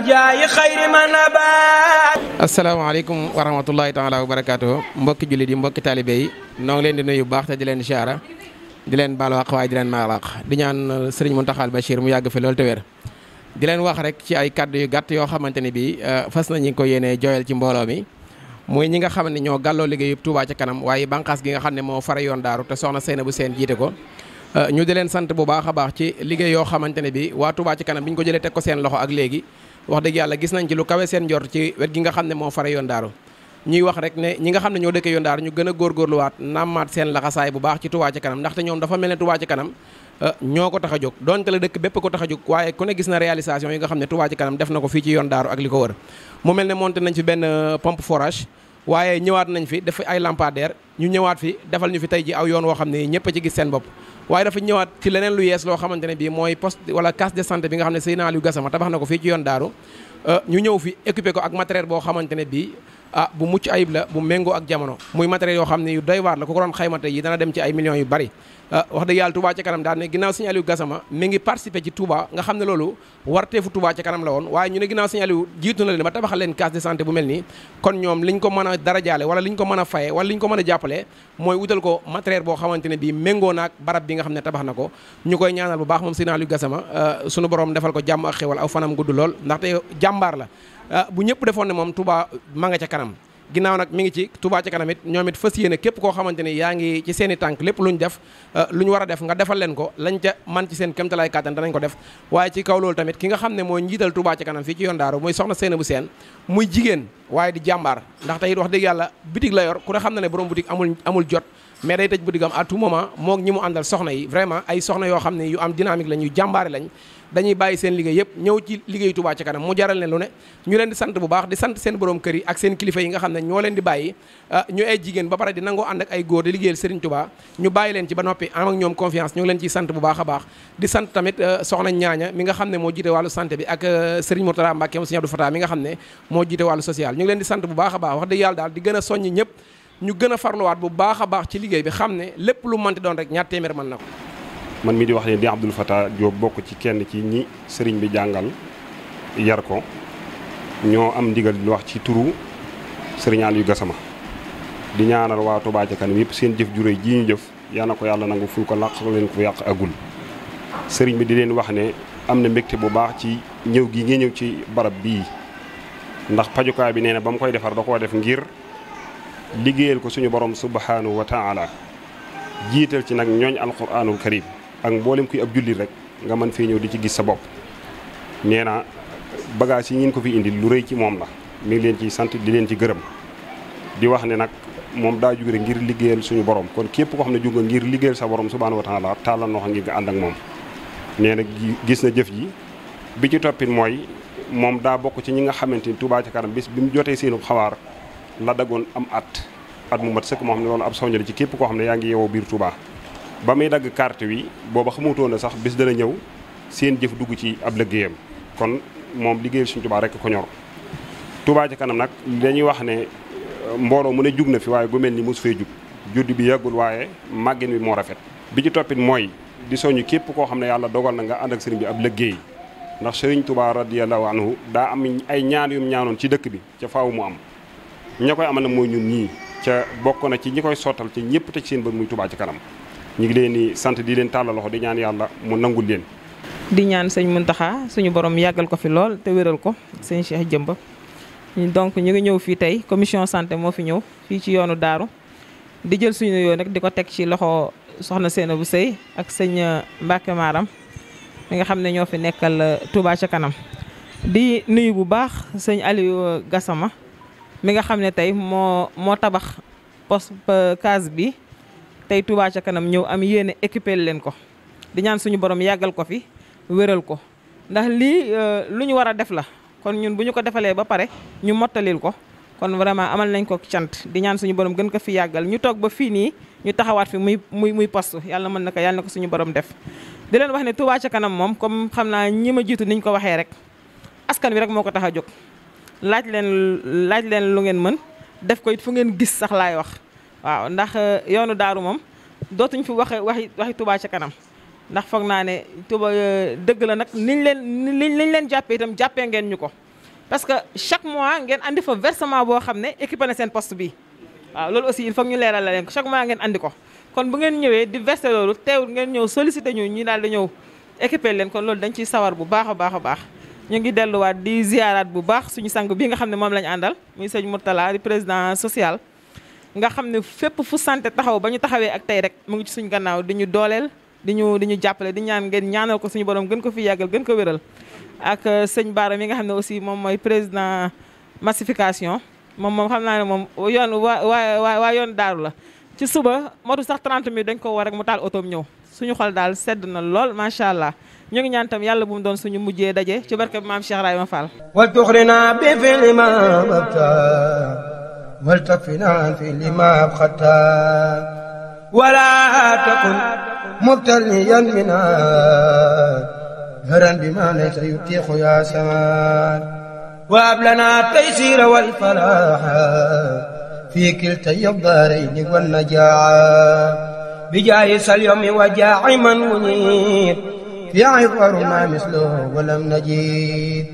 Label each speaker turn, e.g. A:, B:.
A: bi jaayi xayri man abaat
B: asalaamaaleykum wa rahmatullahi taala wa barakaatu mbokki jullit yi mbokki taalibe yi noo ngi leen di nuyu bu baax te di leen siyaara di leen baal wax waaye di leen maal di ñaan sëriñ Muntaxa Bachir mu yàgg fi loolu te weer di leen wax rek ci ay kàddu yu gàtt yoo xamante ni bii euh, fas nañu ko yéene jooyal ci mbooloo mi mooy ñi nga xam ne ñoo gàlloo liggéeyub Touba ci kanam waaye bànqaas gi nga xam ne moo fara yoon daaru te soxna Seynabou Sène jiite ko euh, ñu di leen sant bu baax a baax ci liggéey yoo xamante ne bi waa ci kanam bi ñu ko jëlee teg ko seen loxo ak léegi wax dëgg yàlla gis nañ ci lu kawe seen njort ci wet gi nga xam ne moo fare yoon daaru ñuy wax rek ne ñi nga xam ne ñoo dëkkee yoon daaru ñu gën a góorgóorluwaat nammaat seen laxasaay bu baax ci Touba Ca Kanam ndaxte ñoom dafa mel ne Touba Ca Kanam euh, ñoo ko tax a jóg donte la dëkk bépp ko tax a jóg waaye ku ne gis na réalisation yi nga xam ne Touba Ca Kanam def na ko fii ci yoon daaru ak li ko wër mu mel ne monté nañ fi benn euh, pompe forage nañ fi def ay lampadaire ñu ñëwaat fi defal ñu fi tey ji aw yoon woo xam ne ñëpp a bopp waaye dafa ñëwaat ci leneen lu yees loo xamante ne bii mooy poste wala case de santé bi nga xam ne Seydina Aliou Gassama tabax na ko fii ci yoon daaru euh, ñu ñëw fi équipé ko ak matériel boo xamante ne bii ah bu mucc ayib la bu méngoo ak jamono muy matériel yoo xam ne yu doy waar la ku ko doon xayma tey yi dana dem ci ay millions yu bari ah, wax dëgg yàlla Touba ca kanam daal ne ginnaaw Serigne Aliou Gassama ngi participer ci Touba nga xam ne loolu warteefu Touba ca kanam la woon waaye ñu ne ginnaaw Serigne Aliou jiitu na leen ba tabaxal leen case de santé bu mel nii kon ñoom liñ ko mën a darajaale wala liñ ko mën a faye wala liñ ko mën a jàppale mooy utal ko matériel boo xamante ne bii méngoo naak barab bi nga xam ne tabax na ko ñu koy ñaanal bu baax moom Serigne Aliou Gassama ah, borom defal ko jàmm ak xewal aw fanam gudd lool ndaxte jàmbaar la Ah, bu ñëpp defoon ne moom tubaa ma nga ca kanam ginnaaw nag mi ngi ci tubaa ca kanam ñoomit ñoom it fas yéene képp koo xamante ni yaa ngi ci seen i tànk lépp lu ñu def ah, lu ñu war def nga defal leen ko lañ ca man ci seen kéemtalaay kàttan danañ ko def waaye ci kaw loolu tamit ki nga xam ne mooy njiital tubaa ca kanam fii ci yoon daaru muy soxna bu Sène muy jigéen waaye di jàmbaar ndax tey it wax dëgg yàlla bitig la ku ne xam na ne borom bitig amul amul jot mais day tëj boutique am à tout moment moog ñi mu àndal soxna yi vraiment ay soxna yoo xam ne yu am dynamique lañ yu jàmbaare lañ dañuy bàyyi seen liggéey yëpp ñëw ci liggéey Touba ci kanam mu jaral leen lu ne ñu leen di sant bu baax di sant seen borom ak seen kilifa yi nga xam ne ñoo leen di bàyyi ah, ñu ba pare di nangoo ànd ak ay góor di liggéeyal Serigne ñu bàyyi leen ci ba noppi am ak ñoom confiance ñu ngi leen ciy sant bu a baax di sant euh, ne moo jiite wàllu santé bi ak euh, Serigne Mourtada Mbacke Serigne Abdou Fata moo jiite wàllu social ñu ngi leen di sant bu baax a baax wax dëgg yàlla daal di gën a soññ ñëpp ñu gën a farluwaat bu baax a baax ci liggéey bi xam ne lépp lu mënti doon rek ñaar man mën na ko.
C: man mi di wax ne di Abdoul Fatah jóob bokk ci kenn ci ñi sëriñ bi jàngal yar ko ñoo am ndigal lu wax ci turu sëriñaal Aliou Gassama di ñaanal waa Touba Kanam yëpp seen jëf jure ji ñu jëf yaa na ko yàlla nangu fu ko làq leen ko yàq ak agul sëriñ bi di leen wax ne am na mbégte bu baax ci ñëw gi nga ñëw ci barab bii ndax pajukaay bi nee na ba mu koy defar da koo def ngir. liggéeyal ko suñu borom subhanahu wa taala jiital ci nag ñooñ alquranul karim ak mboolem kuy ab jullit rek nga mën fee ñëw di ci gis sa bopp nee na bagage yi ngeen ko fi indi lu rëy ci moom la mi ngi leen ci sant di leen ci gërëm di wax ne nag moom daa jugure ngir liggéeyal suñu borom kon képp ko xam ne jug nga ngir liggéeyal sa borom subhanahu wa taala tàllal noo xam ngir nga ànd ak moom nee na gis na jëf ji bi ci toppit mooy moom daa bokk ci ñi nga xamante ni Touba ca kanam bis bi mu jotee seenu xawaar la dagoon am at at mu mat sëkk moo xam ne loolu ab soñña la ci képp koo xam ne yaa ngi yeewoo biir Touba ba muy dagg carte wi booba xamutoon na sax bis dana ñëw seen jëf dugg ci ab liggéeyam kon moom liggéeyal suñu tubaa rekk ko ñor Touba ci kanam nag dañuy wax ne mbooloo mu ne jug na fi waaye gu mel ni mosu fee jug judd bi yàggul waaye màggin bi moo rafet bi ci toppit mooy di soñu képp koo xam ne yàlla dogal na nga ànd ak sëriñ bi ab liggéey ndax sëriñ Touba radiyallahu anhu daa am ay ñaan yum ci dëkk bi ca faaw mu am ña koy amal na mooy ñun ñii ca bokk na ci ñi koy sottal ci ñëpp teg seen bët muy Touba ci kanam ñu ngi leen di sant di leen tàllal loxo di ñaan yàlla mu nangul leen.
A: di ñaan sëñ Muntaxa suñu borom yàggal ko fi lool te wéral ko sëñ Cheikh Jëmba donc ñu ngi ñëw fii tey commission santé moo fi ñëw fii ci yoonu Daaru di jël suñu nuyoo rek di ko teg ci loxo soxna bu Seye ak sëñ Mbacke Maram mi nga xam ne ñoo fi nekkal tubaa ca kanam di nuyu bu baax sëñ Aliou Gassama. mi nga xam ne tey moo moo tabax poste euh, case bi tey Touba kanam ñëw am yéene équiper leen ko di ñaan suñu borom yàggal ko fi wéral ko ndax lii euh, lu ñu war a def la kon ñun bu ñu ko defalee ba pare ñu mottalil ko kon vraiment amal nañ ko cant di ñaan suñu borom gën ko fi yàggal ñu toog ba fii nii ñu taxawaat fi muy muy muy poste yàlla mën na ko yàlla na ko suñu borom def di leen wax ne Touba kanam moom comme xam naa ñii ma jiitu niñ ko waxee rek askan wi rek moo ko tax a jóg laaj leen laaj leen lu ngeen mën def ko it fu ngeen gis sax laay wax waaw ndax euh, yoonu daaru moom dootuñ fi waxe waxi waxi Touba ca kanam ndax foog naa ne Touba euh, dëgg la nag niñ leen niñ leen jàppe itam jàppe ngeen ñu ko parce que chaque mois ngeen andi fa versement boo xam ne équipé na seen post bi waaw loolu aussi il faut ñu leeral la leen ko chaque mois ngeen andi ko kon bu ngeen ñëwee di verser loolu teewul ngeen ñëw sollicité ñu ñu daal di ñëw équipé leen kon loolu dañ ciy sawar bu baax a baax a baax ñu ngi delluwaat di ziaraat bu baax suñu sang bii nga xam ne moom lañu àndal muy sëñ Mourtala di président social. nga xam ne fépp fu sante taxaw ba ñu taxawee ak tey rek mu ngi ci suñu gannaaw di ñu dooleel di ñu di ñu jàppale di ñaan ngeen ñaanal ko suñu borom gën ko fi yàggal gën ko wéral ak euh, sëñ baaram mi nga xam ne aussi moom mooy président massification moom moom xam naa ne moom yoon waa waa waa yoon daaru la. ci suba motu sax 30 minutes dañ ko war rek mu taal otoom ñëw suñu xol daal sedd na lool macha allah. ñu ngi ñaan tam yàlla bu doon suñu mujjee daje ci barke bi maam Cheikh Ibrahima Fall wa tuxrina bi fi lima babta wal tafina fi lima xata wala takun mubtaliyan mina haran bi ma laysa yutiixu ya samaan wa ablana taysira wal falaaxa في كلتا الدارين والنجاعة بجاه سليم
C: وجاع من منير يعظ أرما مثله ولم نجد